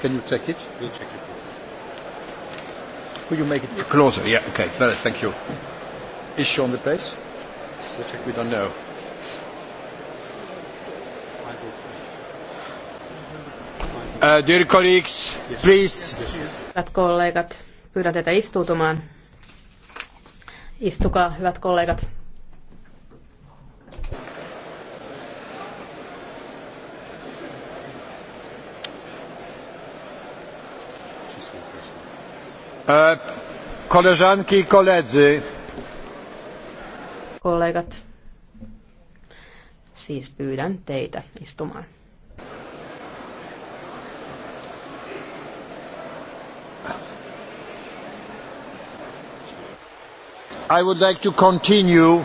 Can you check it? We'll check it. Could you make it closer? Yeah, okay. Better, thank you. Is she on the place? We'll check. We don't know. Uh, dear colleagues, yes. please. Hyvät kollegat, pyydän teitä istuutumaan. Istukaa, hyvät kollegat. E, koleżanki i koledzy. Kollegat. Siis pyydän teitä istumaan. I would like to continue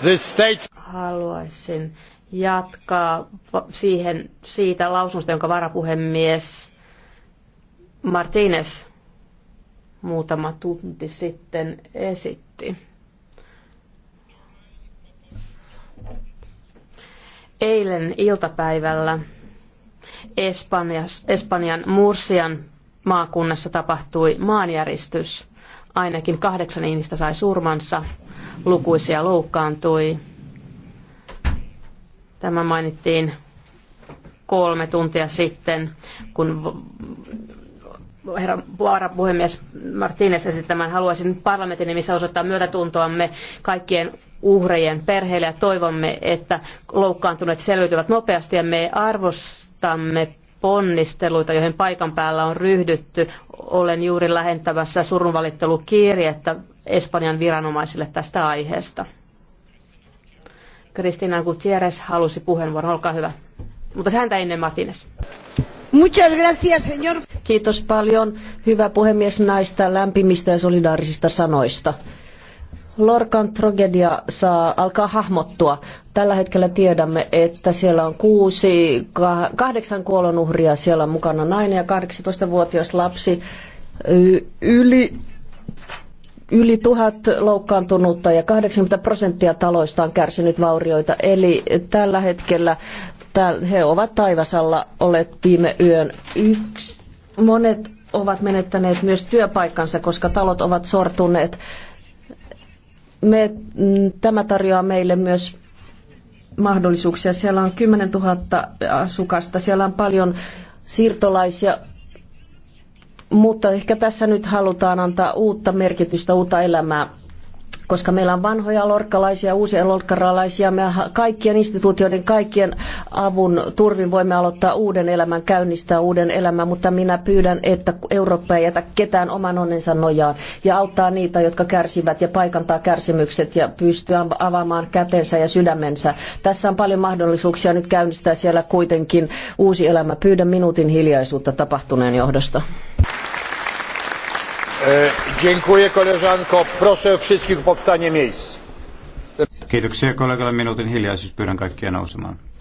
this state. Haluaisin jatkaa siihen, siitä lausunnosta, jonka varapuhemies Martínez muutama tunti sitten esitti. Eilen iltapäivällä Espanjas, Espanjan Mursian maakunnassa tapahtui maanjäristys. Ainakin kahdeksan ihmistä sai surmansa, lukuisia loukkaantui. Tämä mainittiin kolme tuntia sitten, kun herra puhemies Martínez esittämään, haluaisin parlamentin nimissä osoittaa myötätuntoamme kaikkien uhrien perheille ja toivomme, että loukkaantuneet selviytyvät nopeasti ja me arvostamme ponnisteluita, joihin paikan päällä on ryhdytty. Olen juuri lähentävässä surunvalittelukirjettä Espanjan viranomaisille tästä aiheesta. Cristina Gutierrez halusi puheenvuoron, olkaa hyvä. Mutta häntä ennen Martínez. Muchas gracias, señor. Kiitos paljon, hyvä puhemies, näistä lämpimistä ja solidaarisista sanoista. Lorkan tragedia saa alkaa hahmottua. Tällä hetkellä tiedämme, että siellä on kuusi, kahdeksan kuolonuhria, siellä on mukana nainen ja 18-vuotias lapsi. Yli yli tuhat loukkaantunutta ja 80 prosenttia taloista on kärsinyt vaurioita. Eli tällä hetkellä he ovat taivasalla olleet viime yön yksi Monet ovat menettäneet myös työpaikkansa, koska talot ovat sortuneet. Me, mm, tämä tarjoaa meille myös mahdollisuuksia. Siellä on 10 000 asukasta, siellä on paljon siirtolaisia, mutta ehkä tässä nyt halutaan antaa uutta merkitystä, uutta elämää koska meillä on vanhoja lorkkalaisia, uusia lorkkaralaisia, me kaikkien instituutioiden, kaikkien avun turvin voimme aloittaa uuden elämän, käynnistää uuden elämän, mutta minä pyydän, että Eurooppa ei jätä ketään oman onnensa nojaan ja auttaa niitä, jotka kärsivät ja paikantaa kärsimykset ja pystyy avaamaan kätensä ja sydämensä. Tässä on paljon mahdollisuuksia nyt käynnistää siellä kuitenkin uusi elämä. Pyydän minuutin hiljaisuutta tapahtuneen johdosta. E, dziękuję koleżanko. Proszę wszystkich o powstanie miejsc. Kiitoksia kollegalle minuutin hiljaisuus. Pyydän kaikkia nousemaan.